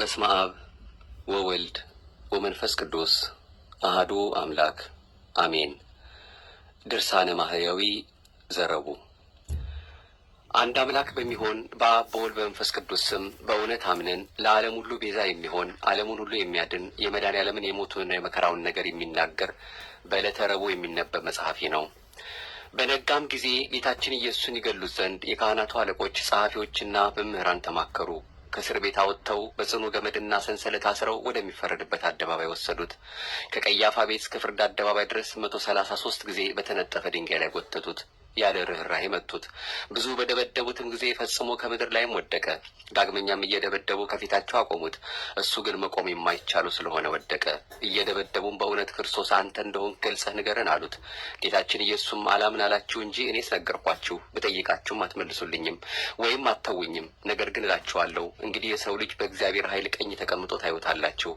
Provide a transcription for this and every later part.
በስመ አብ ወወልድ ወመንፈስ ቅዱስ አህዱ አምላክ አሜን። ድርሳነ ማህያዊ ዘረቡ። አንድ አምላክ በሚሆን በአብ በወልድ በመንፈስ ቅዱስ ስም በእውነት አምነን ለዓለም ሁሉ ቤዛ የሚሆን ዓለሙን ሁሉ የሚያድን የመድኃኔዓለምን የሞቱንና የመከራውን ነገር የሚናገር በዕለተ ረቡዕ የሚነበብ መጽሐፊ ነው። በነጋም ጊዜ ጌታችን ኢየሱስን ይገሉት ዘንድ የካህናቱ አለቆች ጸሐፊዎችና መምህራን ተማከሩ። ከእስር ቤት አወጥተው በጽኑ ገመድና ሰንሰለት አስረው ወደሚፈረድበት አደባባይ ወሰዱት። ከቀያፋ ቤት እስከ ፍርድ አደባባይ ድረስ መቶ ሰላሳ ሶስት ጊዜ በተነጠፈ ድንጋይ ላይ ጎተቱት። ያለ ርኅራኄ መቱት። ብዙ በደበደቡትም ጊዜ ፈጽሞ ከምድር ላይም ወደቀ። ዳግመኛም እየደበደቡ ከፊታቸው አቆሙት። እሱ ግን መቆም የማይቻሉ ስለሆነ ወደቀ። እየደበደቡም በእውነት ክርስቶስ አንተ እንደሆን ገልጸህ ንገረን አሉት። ጌታችን ኢየሱስም አላምን አላችሁ እንጂ እኔስ ነገርኳችሁ። ብጠይቃችሁም አትመልሱልኝም ወይም አተውኝም። ነገር ግን እላችኋለሁ እንግዲህ የሰው ልጅ በእግዚአብሔር ኃይል ቀኝ ተቀምጦ ታዩታላችሁ።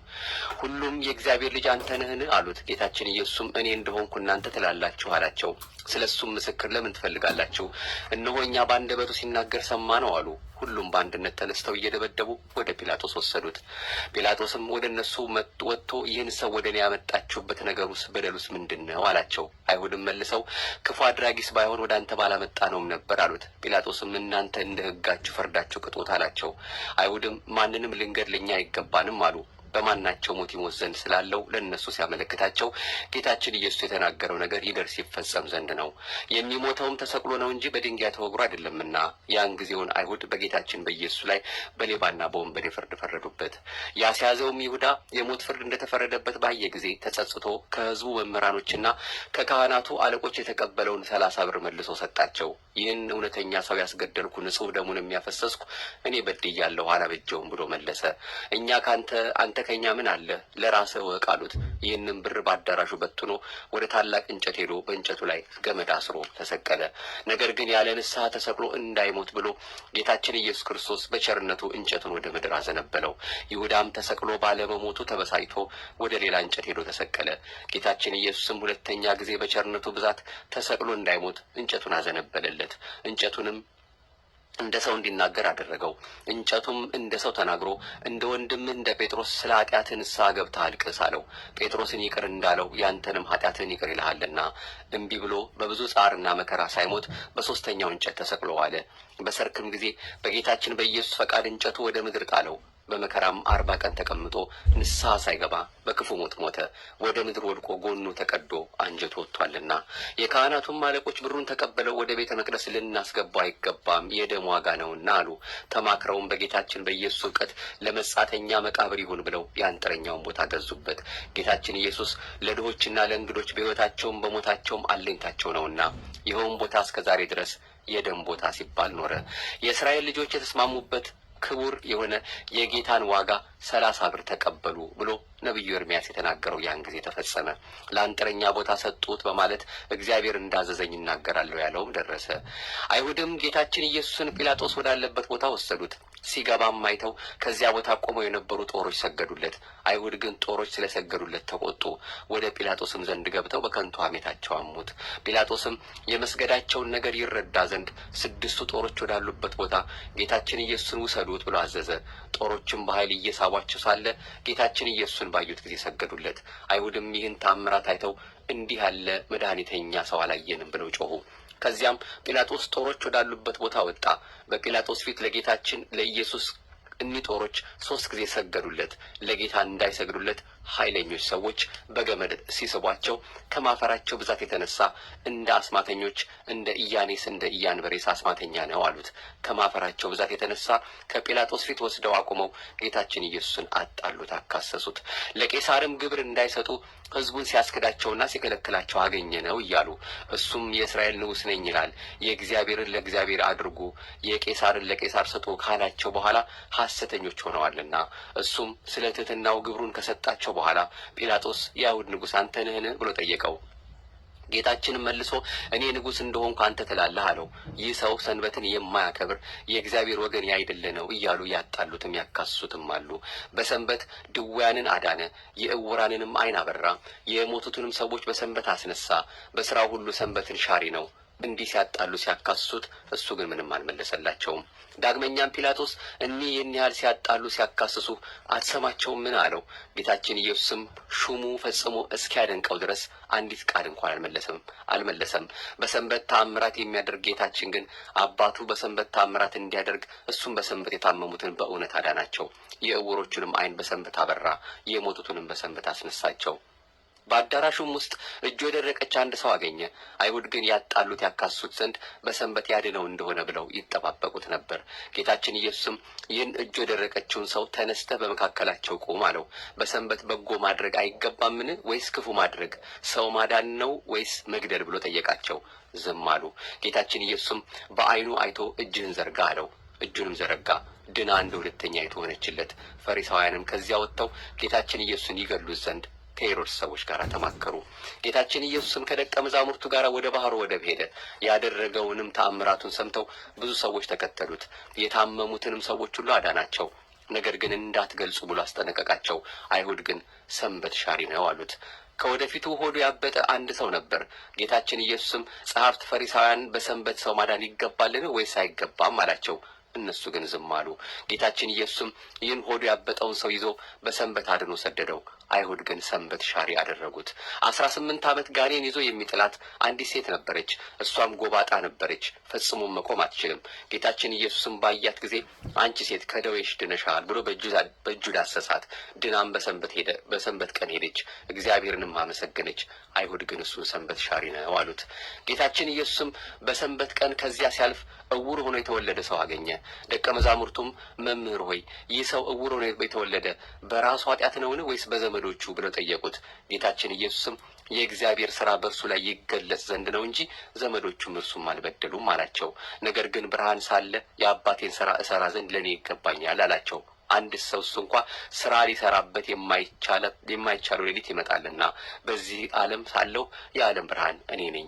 ሁሉም የእግዚአብሔር ልጅ አንተ ነህን? አሉት። ጌታችን ኢየሱስም እኔ እንደሆንኩ እናንተ ትላላችሁ አላቸው። ስለ እሱም ምስክር ለምን ማመስገን ትፈልጋላችሁ። እነሆ እኛ በአንደበቱ ሲናገር ሰማ ነው አሉ። ሁሉም በአንድነት ተነስተው እየደበደቡ ወደ ጲላጦስ ወሰዱት። ጲላጦስም ወደ እነሱ ወጥቶ ይህን ሰው ወደ እኔ ያመጣችሁበት ነገሩስ በደሉስ ምንድን ነው አላቸው። አይሁድም መልሰው ክፉ አድራጊስ ባይሆን ወደ አንተ ባላመጣ ነውም ነበር አሉት። ጲላጦስም እናንተ እንደ ሕጋችሁ ፈርዳችሁ ቅጦት አላቸው። አይሁድም ማንንም ልንገድ ልኛ አይገባንም አሉ። በማናቸው ሞት ይሞት ዘንድ ስላለው ለእነሱ ሲያመለክታቸው ጌታችን ኢየሱስ የተናገረው ነገር ይደርስ ይፈጸም ዘንድ ነው። የሚሞተውም ተሰቅሎ ነው እንጂ በድንጋይ ተወግሮ አይደለምና። ያን ጊዜውን አይሁድ በጌታችን በኢየሱስ ላይ በሌባና በወንበዴ ፍርድ ፈረዱበት። ያስያዘውም ይሁዳ የሞት ፍርድ እንደተፈረደበት ባየ ጊዜ ተጸጽቶ ከህዝቡ መምህራኖችና ከካህናቱ አለቆች የተቀበለውን ሰላሳ ብር መልሶ ሰጣቸው። ይህን እውነተኛ ሰው ያስገደልኩ ንጹሕ ደሙን የሚያፈሰስኩ እኔ በድያለሁ አላበጀውም ብሎ መለሰ። እኛ ከአንተ አንተ ከኛ ምን አለ ለራስ እወቅ አሉት። ይህንም ብር በአዳራሹ በትኖ ወደ ታላቅ እንጨት ሄዶ በእንጨቱ ላይ ገመድ አስሮ ተሰቀለ። ነገር ግን ያለ ንስሐ ተሰቅሎ እንዳይሞት ብሎ ጌታችን ኢየሱስ ክርስቶስ በቸርነቱ እንጨቱን ወደ ምድር አዘነበለው። ይሁዳም ተሰቅሎ ባለመሞቱ ተበሳጭቶ ወደ ሌላ እንጨት ሄዶ ተሰቀለ። ጌታችን ኢየሱስም ሁለተኛ ጊዜ በቸርነቱ ብዛት ተሰቅሎ እንዳይሞት እንጨቱን አዘነበለለት። እንጨቱንም እንደ ሰው እንዲናገር አደረገው። እንጨቱም እንደ ሰው ተናግሮ እንደ ወንድም እንደ ጴጥሮስ ስለ ኃጢአትህ ንስሐ ገብተህ አልቅስ አለው። ጴጥሮስን ይቅር እንዳለው ያንተንም ኃጢአትህን ይቅር ይልሃልና። እምቢ ብሎ በብዙ ጻርና መከራ ሳይሞት በሶስተኛው እንጨት ተሰቅሎ ዋለ። በሰርክም ጊዜ በጌታችን በኢየሱስ ፈቃድ እንጨቱ ወደ ምድር ጣለው። በመከራም አርባ ቀን ተቀምጦ ንስሐ ሳይገባ በክፉ ሞት ሞተ። ወደ ምድር ወድቆ ጎኑ ተቀዶ አንጀቱ ወጥቷልና የካህናቱም አለቆች ብሩን ተቀበለው ወደ ቤተ መቅደስ ልናስገባው አይገባም፣ የደም ዋጋ ነውና አሉ። ተማክረውም በጌታችን በኢየሱስ እውቀት ለመጻተኛ መቃብር ይሁን ብለው የአንጥረኛውን ቦታ ገዙበት። ጌታችን ኢየሱስ ለድሆችና ለእንግዶች በሕይወታቸውም በሞታቸውም አለኝታቸው ነውና ይኸውም ቦታ እስከ ዛሬ ድረስ የደም ቦታ ሲባል ኖረ። የእስራኤል ልጆች የተስማሙበት ክቡር የሆነ የጌታን ዋጋ ሰላሳ ብር ተቀበሉ ብሎ ነቢዩ ኤርሚያስ የተናገረው ያን ጊዜ ተፈጸመ። ለአንጥረኛ ቦታ ሰጡት በማለት እግዚአብሔር እንዳዘዘኝ ይናገራለሁ ያለውም ደረሰ። አይሁድም ጌታችን ኢየሱስን ጲላጦስ ወዳለበት ቦታ ወሰዱት። ሲገባም አይተው ከዚያ ቦታ ቆመው የነበሩ ጦሮች ሰገዱለት። አይሁድ ግን ጦሮች ስለሰገዱለት ተቆጡ። ወደ ጲላጦስም ዘንድ ገብተው በከንቱ ሐሜታቸው አሙት። ጲላጦስም የመስገዳቸውን ነገር ይረዳ ዘንድ ስድስቱ ጦሮች ወዳሉበት ቦታ ጌታችን ኢየሱስን ውሰዱት ብሎ አዘዘ። ጦሮችም በኃይል እየሳቧቸው ሳለ ጌታችን ኢየሱስን ባዩት ጊዜ ሰገዱለት። አይሁድም ይህን ታምራት አይተው እንዲህ ያለ መድኃኒተኛ ሰው አላየንም ብለው ጮኹ። ከዚያም ጲላጦስ ጦሮች ወዳሉበት ቦታ ወጣ። በጲላጦስ ፊት ለጌታችን ለኢየሱስ እኒ ጦሮች ሶስት ጊዜ ሰገዱለት። ለጌታ እንዳይሰግዱለት ኃይለኞች ሰዎች በገመድ ሲስቧቸው ከማፈራቸው ብዛት የተነሳ እንደ አስማተኞች እንደ ኢያኔስ እንደ እያንበሬስ አስማተኛ ነው አሉት። ከማፈራቸው ብዛት የተነሳ ከጲላጦስ ፊት ወስደው አቁመው ጌታችን ኢየሱስን አጣሉት፣ አካሰሱት። ለቄሳርም ግብር እንዳይሰጡ ህዝቡን ሲያስክዳቸውና ሲከለክላቸው አገኘ ነው እያሉ እሱም የእስራኤል ንጉሥ ነኝ ይላል። የእግዚአብሔርን ለእግዚአብሔር አድርጉ፣ የቄሳርን ለቄሳር ስጡ ካላቸው በኋላ ሐሰተኞች ሆነዋልና እሱም ስለ ትህትናው ግብሩን ከሰጣቸው ካላቸው በኋላ ጲላጦስ የአይሁድ ንጉሥ አንተ ነህን ብሎ ጠየቀው። ጌታችንም መልሶ እኔ ንጉሥ እንደሆንኩ አንተ ትላለህ አለው። ይህ ሰው ሰንበትን የማያከብር የእግዚአብሔር ወገን ያይደለ ነው እያሉ ያጣሉትም ያካስሱትም አሉ። በሰንበት ድውያንን አዳነ፣ የእውራንንም አይን አበራ፣ የሞቱትንም ሰዎች በሰንበት አስነሳ። በስራው ሁሉ ሰንበትን ሻሪ ነው። እንዲህ ሲያጣሉ ሲያካስሱት፣ እሱ ግን ምንም አልመለሰላቸውም። ዳግመኛም ጲላጦስ እኒህ ይህን ያህል ሲያጣሉ ሲያካስሱ አትሰማቸውም ምን አለው? ጌታችን ኢየሱስም ሹሙ ፈጽሞ እስኪያደንቀው ድረስ አንዲት ቃል እንኳን አልመለሰም አልመለሰም። በሰንበት ታምራት የሚያደርግ ጌታችን ግን አባቱ በሰንበት ታምራት እንዲያደርግ እሱም በሰንበት የታመሙትን በእውነት አዳናቸው። የእውሮቹንም አይን በሰንበት አበራ፣ የሞቱትንም በሰንበት አስነሳቸው። በአዳራሹም ውስጥ እጁ የደረቀች አንድ ሰው አገኘ። አይሁድ ግን ያጣሉት ያካሱት ዘንድ በሰንበት ያድነው እንደሆነ ብለው ይጠባበቁት ነበር። ጌታችን ኢየሱስም ይህን እጁ የደረቀችውን ሰው ተነስተ በመካከላቸው ቁም አለው። በሰንበት በጎ ማድረግ አይገባምን ወይስ ክፉ ማድረግ? ሰው ማዳን ነው ወይስ መግደል? ብሎ ጠየቃቸው። ዝም አሉ። ጌታችን ኢየሱስም በአይኑ አይቶ እጅህን ዘርጋ አለው። እጁንም ዘረጋ ድና እንደ ሁለተኛ የተሆነችለት። ፈሪሳውያንም ከዚያ ወጥተው ጌታችን ኢየሱስን ይገሉት ዘንድ ከሄሮድስ ሰዎች ጋር ተማከሩ። ጌታችን ኢየሱስም ከደቀ መዛሙርቱ ጋር ወደ ባህሩ ወደብ ሄደ። ያደረገውንም ተአምራቱን ሰምተው ብዙ ሰዎች ተከተሉት። የታመሙትንም ሰዎች ሁሉ አዳናቸው። ነገር ግን እንዳትገልጹ ብሎ አስጠነቀቃቸው። አይሁድ ግን ሰንበት ሻሪ ነው አሉት። ከወደፊቱ ሆዱ ያበጠ አንድ ሰው ነበር። ጌታችን ኢየሱስም ጸሐፍት ፈሪሳውያን በሰንበት ሰው ማዳን ይገባልን ወይስ አይገባም አላቸው። እነሱ ግን ዝም አሉ። ጌታችን ኢየሱስም ይህን ሆዱ ያበጠውን ሰው ይዞ በሰንበት አድኖ ሰደደው። አይሁድ ግን ሰንበት ሻሪ አደረጉት። አስራ ስምንት ዓመት ጋኔን ይዞ የሚጥላት አንዲት ሴት ነበረች። እሷም ጎባጣ ነበረች፣ ፈጽሞ መቆም አትችልም። ጌታችን ኢየሱስም ባያት ጊዜ አንቺ ሴት ከደዌሽ ድነሻል ብሎ በእጁ ዳሰሳት። ድናም በሰንበት ሄደ በሰንበት ቀን ሄደች፣ እግዚአብሔርንም አመሰገነች። አይሁድ ግን እሱን ሰንበት ሻሪ ነው አሉት። ጌታችን ኢየሱስም በሰንበት ቀን ከዚያ ሲያልፍ እውር ሆኖ የተወለደ ሰው አገኘ። ደቀ መዛሙርቱም መምህር ሆይ ይህ ሰው እውር ሆኖ የተወለደ በራሱ ኃጢአት ነውን ወይስ በዘ ዘመዶቹ ብለው ጠየቁት። ጌታችን ኢየሱስም የእግዚአብሔር ስራ በእርሱ ላይ ይገለጽ ዘንድ ነው እንጂ ዘመዶቹም እርሱም አልበደሉም አላቸው። ነገር ግን ብርሃን ሳለ የአባቴን ስራ እሰራ ዘንድ ለእኔ ይገባኛል አላቸው። አንድ ሰው እሱ እንኳ ስራ ሊሰራበት የማይቻለው ሌሊት ይመጣልና በዚህ ዓለም ሳለው የዓለም ብርሃን እኔ ነኝ።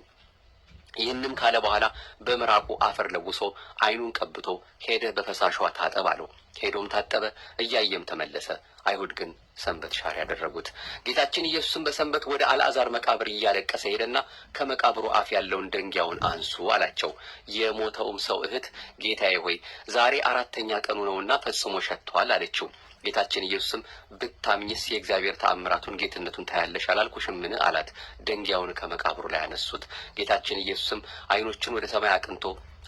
ይህንም ካለ በኋላ በምራቁ አፈር ለውሶ አይኑን ቀብቶ ሄደ በፈሳሿ ታጠብ አለው። ሄዶም ታጠበ፣ እያየም ተመለሰ። አይሁድ ግን ሰንበት ሻር ያደረጉት። ጌታችን ኢየሱስን በሰንበት ወደ አልአዛር መቃብር እያለቀሰ ሄደና ከመቃብሩ አፍ ያለውን ደንጊያውን አንሱ አላቸው። የሞተውም ሰው እህት ጌታዬ ሆይ ዛሬ አራተኛ ቀኑ ነውና ፈጽሞ ሸጥቷል አለችው። ጌታችን ኢየሱስም ብታምኝስ የእግዚአብሔር ተአምራቱን ጌትነቱን ታያለሽ አላልኩሽምን? አላት። ደንጊያውን ከመቃብሩ ላይ ያነሱት። ጌታችን ኢየሱስም ዓይኖቹን ወደ ሰማይ አቅንቶ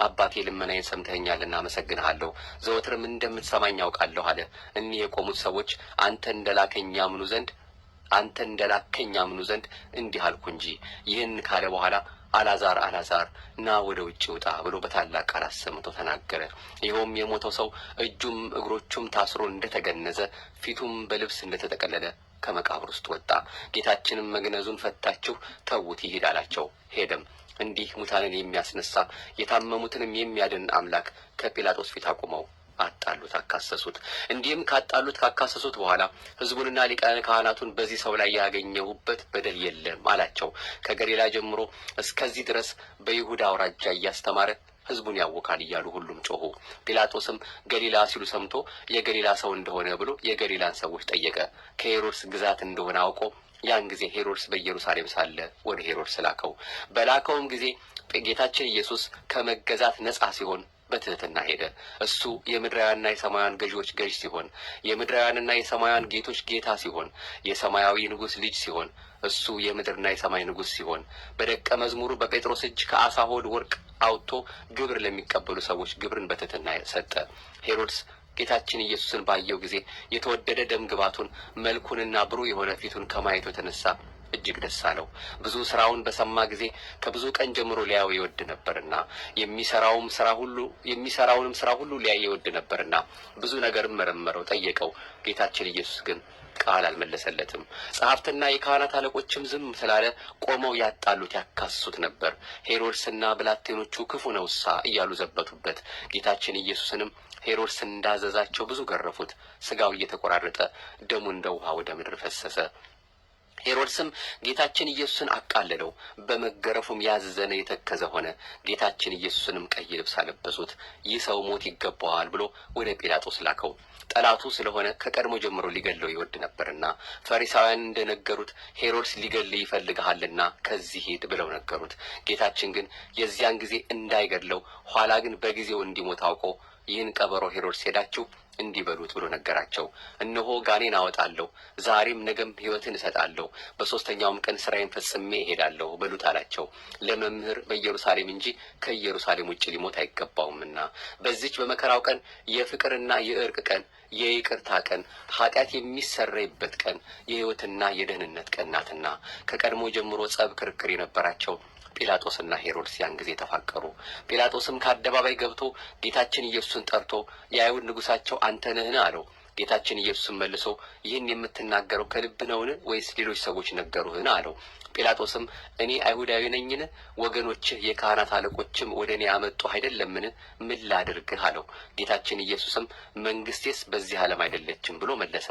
አባቴ ልመናዬን ሰምተኸኛል፣ እናመሰግንሃለሁ። ዘወትርም እንደምትሰማኝ ያውቃለሁ አለ። እኒህ የቆሙት ሰዎች አንተ እንደላከኝ ያምኑ ዘንድ አንተ እንደላከኝ ያምኑ ዘንድ እንዲህ አልኩ እንጂ። ይህን ካለ በኋላ አላዛር አላዛር ና ወደ ውጭ ውጣ ብሎ በታላቅ ቃል አሰምቶ ተናገረ። ይኸውም የሞተው ሰው እጁም እግሮቹም ታስሮ እንደተገነዘ ፊቱም በልብስ እንደተጠቀለለ ከመቃብር ውስጥ ወጣ። ጌታችንም መግነዙን ፈታችሁ ተዉት ይሂድ አላቸው። ሄደም እንዲህ ሙታንን የሚያስነሳ የታመሙትንም የሚያድን አምላክ ከጲላጦስ ፊት አቁመው አጣሉት፣ አካሰሱት። እንዲህም ካጣሉት ካካሰሱት በኋላ ህዝቡንና ሊቃነ ካህናቱን በዚህ ሰው ላይ ያገኘሁበት በደል የለም አላቸው። ከገሊላ ጀምሮ እስከዚህ ድረስ በይሁዳ አውራጃ እያስተማረ ህዝቡን ያውካል እያሉ ሁሉም ጮሁ። ጲላጦስም ገሊላ ሲሉ ሰምቶ የገሊላ ሰው እንደሆነ ብሎ የገሊላን ሰዎች ጠየቀ። ከሄሮድስ ግዛት እንደሆነ አውቆ ያን ጊዜ ሄሮድስ በኢየሩሳሌም ሳለ ወደ ሄሮድስ ላከው። በላከውም ጊዜ ጌታችን ኢየሱስ ከመገዛት ነጻ ሲሆን በትህትና ሄደ። እሱ የምድራውያንና የሰማያን ገዢዎች ገዥ ሲሆን፣ የምድራውያንና የሰማያን ጌቶች ጌታ ሲሆን፣ የሰማያዊ ንጉሥ ልጅ ሲሆን እሱ የምድርና የሰማይ ንጉሥ ሲሆን በደቀ መዝሙሩ በጴጥሮስ እጅ ከአሳ ሆድ ወርቅ አውጥቶ ግብር ለሚቀበሉ ሰዎች ግብርን በትህትና ሰጠ። ሄሮድስ ጌታችን ኢየሱስን ባየው ጊዜ የተወደደ ደም ግባቱን መልኩንና ብሩህ የሆነ ፊቱን ከማየቱ የተነሳ እጅግ ደስ አለው። ብዙ ስራውን በሰማ ጊዜ ከብዙ ቀን ጀምሮ ሊያው ይወድ ነበርና የሚሰራውም ስራ ሁሉ የሚሰራውንም ስራ ሁሉ ሊያይ ይወድ ነበርና ብዙ ነገርም መረመረው፣ ጠየቀው። ጌታችን ኢየሱስ ግን ቃል አልመለሰለትም። ጸሐፍትና የካህናት አለቆችም ዝም ስላለ ቆመው ያጣሉት ያካስሱት ነበር። ሄሮድስና ብላቴኖቹ ክፉ ነውሳ እያሉ ዘበቱበት። ጌታችን ኢየሱስንም ሄሮድስ እንዳዘዛቸው ብዙ ገረፉት። ስጋው እየተቆራረጠ ደሙ እንደ ውሃ ወደ ምድር ፈሰሰ። ሄሮድስም ጌታችን ኢየሱስን አቃለለው። በመገረፉም ያዘነ የተከዘ ሆነ። ጌታችን ኢየሱስንም ቀይ ልብስ አለበሱት። ይህ ሰው ሞት ይገባዋል ብሎ ወደ ጲላጦስ ላከው። ጠላቱ ስለሆነ ከቀድሞ ጀምሮ ሊገለው ይወድ ነበርና ፈሪሳውያን እንደነገሩት ሄሮድስ ሊገል ይፈልግሃልና ከዚህ ሂድ ብለው ነገሩት። ጌታችን ግን የዚያን ጊዜ እንዳይገድለው ኋላ ግን በጊዜው እንዲሞት አውቆ ይህን ቀበሮ ሄሮድስ ሄዳችሁ እንዲበሉት ብሎ ነገራቸው። እነሆ ጋኔን አወጣለሁ፣ ዛሬም ነገም ሕይወትን እሰጣለሁ፣ በሶስተኛውም ቀን ስራዬን ፈጽሜ እሄዳለሁ በሉት አላቸው። ለመምህር በኢየሩሳሌም እንጂ ከኢየሩሳሌም ውጭ ሊሞት አይገባውምና በዚች በመከራው ቀን የፍቅርና የእርቅ ቀን፣ የይቅርታ ቀን፣ ኃጢአት የሚሰረይበት ቀን፣ የሕይወትና የደህንነት ቀን ናትና ከቀድሞ ጀምሮ ጸብ፣ ክርክር የነበራቸው ጲላጦስና ሄሮድስ ያን ጊዜ ተፋቀሩ። ጲላጦስም ከአደባባይ ገብቶ ጌታችን ኢየሱስን ጠርቶ የአይሁድ ንጉሳቸው አንተ ነህን አለው። ጌታችን ኢየሱስን መልሶ ይህን የምትናገረው ከልብ ነውን? ወይስ ሌሎች ሰዎች ነገሩህን? አለው። ጲላጦስም እኔ አይሁዳዊ ነኝን? ወገኖችህ የካህናት አለቆችም ወደ እኔ ያመጡ አይደለምን? ምን ላድርግህ? አለው። ጌታችን ኢየሱስም መንግስቴስ በዚህ ዓለም አይደለችም ብሎ መለሰ።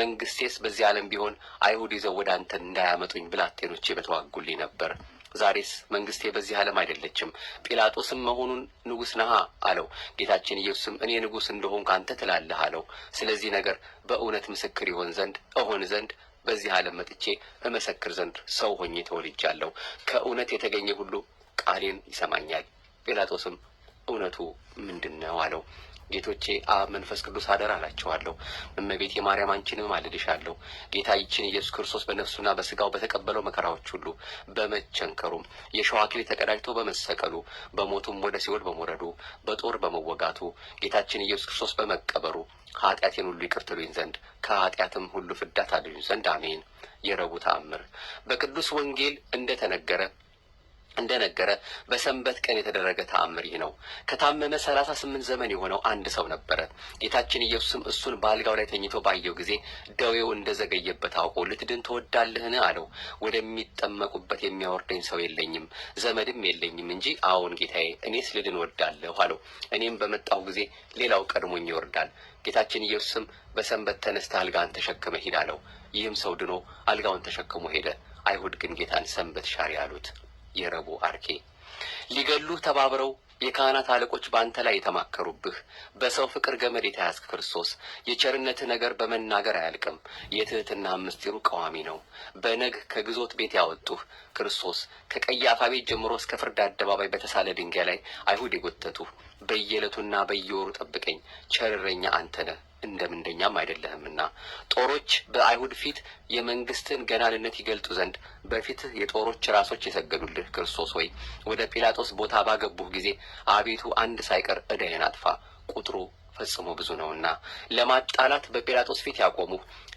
መንግስቴስ በዚህ ዓለም ቢሆን አይሁድ ይዘው ወደ አንተ እንዳያመጡኝ ብላቴኖቼ በተዋጉልኝ ነበር። ዛሬስ መንግስቴ በዚህ ዓለም አይደለችም። ጲላጦስም መሆኑን ንጉሥ ነሃ አለው። ጌታችን ኢየሱስም እኔ ንጉሥ እንደሆን አንተ ትላለህ አለው። ስለዚህ ነገር በእውነት ምስክር ይሆን ዘንድ እሆን ዘንድ በዚህ ዓለም መጥቼ እመሰክር ዘንድ ሰው ሆኜ ተወልጃለሁ። ከእውነት የተገኘ ሁሉ ቃሌን ይሰማኛል። ጲላጦስም እውነቱ ምንድን ነው አለው። ጌቶቼ አብ መንፈስ ቅዱስ አደር አላቸዋለሁ። እመቤቴ የማርያም አንቺንም አልልሻለሁ። ጌታ ይችን ኢየሱስ ክርስቶስ በነፍሱና በስጋው በተቀበለው መከራዎች ሁሉ በመቸንከሩም የሸዋ አክሊል ተቀዳጅቶ በመሰቀሉ በሞቱም ወደ ሲኦል በመውረዱ በጦር በመወጋቱ ጌታችን ኢየሱስ ክርስቶስ በመቀበሩ ኃጢአቴን ሁሉ ይቅርትሉኝ ዘንድ ከኃጢአትም ሁሉ ፍዳት አድኙ ዘንድ አሜን። የረቡዕ ተአምር በቅዱስ ወንጌል እንደ ተነገረ እንደነገረ በሰንበት ቀን የተደረገ ተአምር ይህ ነው። ከታመመ ሰላሳ ስምንት ዘመን የሆነው አንድ ሰው ነበረ። ጌታችን ኢየሱስም እሱን በአልጋው ላይ ተኝቶ ባየው ጊዜ ደዌው እንደዘገየበት አውቆ ልትድን ትወዳለህን? አለው። ወደሚጠመቁበት የሚያወርደኝ ሰው የለኝም፣ ዘመድም የለኝም እንጂ አዎን ጌታዬ፣ እኔስ ልድን ወዳለሁ አለው። እኔም በመጣሁ ጊዜ ሌላው ቀድሞኝ ይወርዳል። ጌታችን ኢየሱስም በሰንበት ተነስተህ አልጋን ተሸክመ ሂድ አለው። ይህም ሰው ድኖ አልጋውን ተሸክሞ ሄደ። አይሁድ ግን ጌታን ሰንበት ሻሪ አሉት። የረቡ አርኬ ሊገሉህ ተባብረው የካህናት አለቆች በአንተ ላይ የተማከሩብህ በሰው ፍቅር ገመድ የተያዝክ ክርስቶስ የቸርነትህ ነገር በመናገር አያልቅም። የትህትና ምስጢሩ ቀዋሚ ነው። በነግ ከግዞት ቤት ያወጡህ ክርስቶስ ከቀያፋ ቤት ጀምሮ እስከ ፍርድ አደባባይ በተሳለ ድንጋይ ላይ አይሁድ የጎተቱህ በየዕለቱና በየወሩ ጠብቀኝ፣ ቸርረኛ አንተ ነህ እንደ ምንደኛም አይደለህምና። ጦሮች በአይሁድ ፊት የመንግስትን ገናንነት ይገልጡ ዘንድ በፊትህ የጦሮች ራሶች የሰገዱልህ ክርስቶስ ሆይ ወደ ጲላጦስ ቦታ ባገቡህ ጊዜ አቤቱ አንድ ሳይቀር እደህን አጥፋ ቁጥሩ ፈጽሞ ብዙ ነውና ለማጣላት በጲላጦስ ፊት ያቆሙ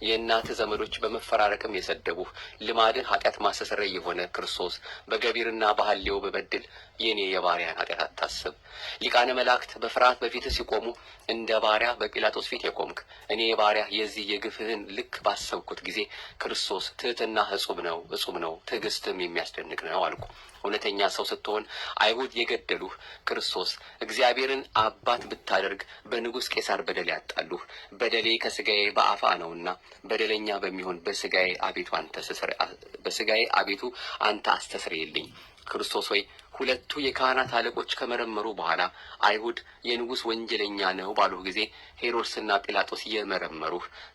የእናት ዘመዶች በመፈራረቅም የሰደቡ ልማድን ኃጢአት ማስተስረይ የሆነ ክርስቶስ በገቢርና ባህሌው በበድል የእኔ የባሪያን ኃጢአት አታስብ። ሊቃነ መላእክት በፍርሃት በፊት ሲቆሙ እንደ ባሪያ በጲላጦስ ፊት የቆምክ እኔ የባሪያ የዚህ የግፍህን ልክ ባሰብኩት ጊዜ ክርስቶስ ትህትና እጹብ ነው እጹብ ነው ትዕግስትም የሚያስደንቅ ነው አልኩ። እውነተኛ ሰው ስትሆን አይሁድ የገደሉህ ክርስቶስ እግዚአብሔርን አባት ብታደርግ በንጉሥ ቄሳር በደል ያጣሉህ። በደሌ ከስጋዬ በአፋ ነውና በደለኛ በሚሆን በስጋዬ አቤቱ አንተ በስጋዬ አቤቱ አንተ አስተስርየልኝ። ክርስቶስ ሆይ ሁለቱ የካህናት አለቆች ከመረመሩ በኋላ አይሁድ የንጉሥ ወንጀለኛ ነው ባሉ ጊዜ ሄሮድስና ጲላጦስ እየመረመሩ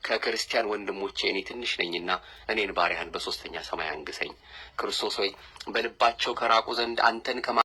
ከክርስቲያን ወንድሞቼ እኔ ትንሽ ነኝና እኔን ባሪያህን በሦስተኛ ሰማይ አንግሰኝ፣ ክርስቶስ ሆይ በልባቸው ከራቁ ዘንድ አንተን ከማ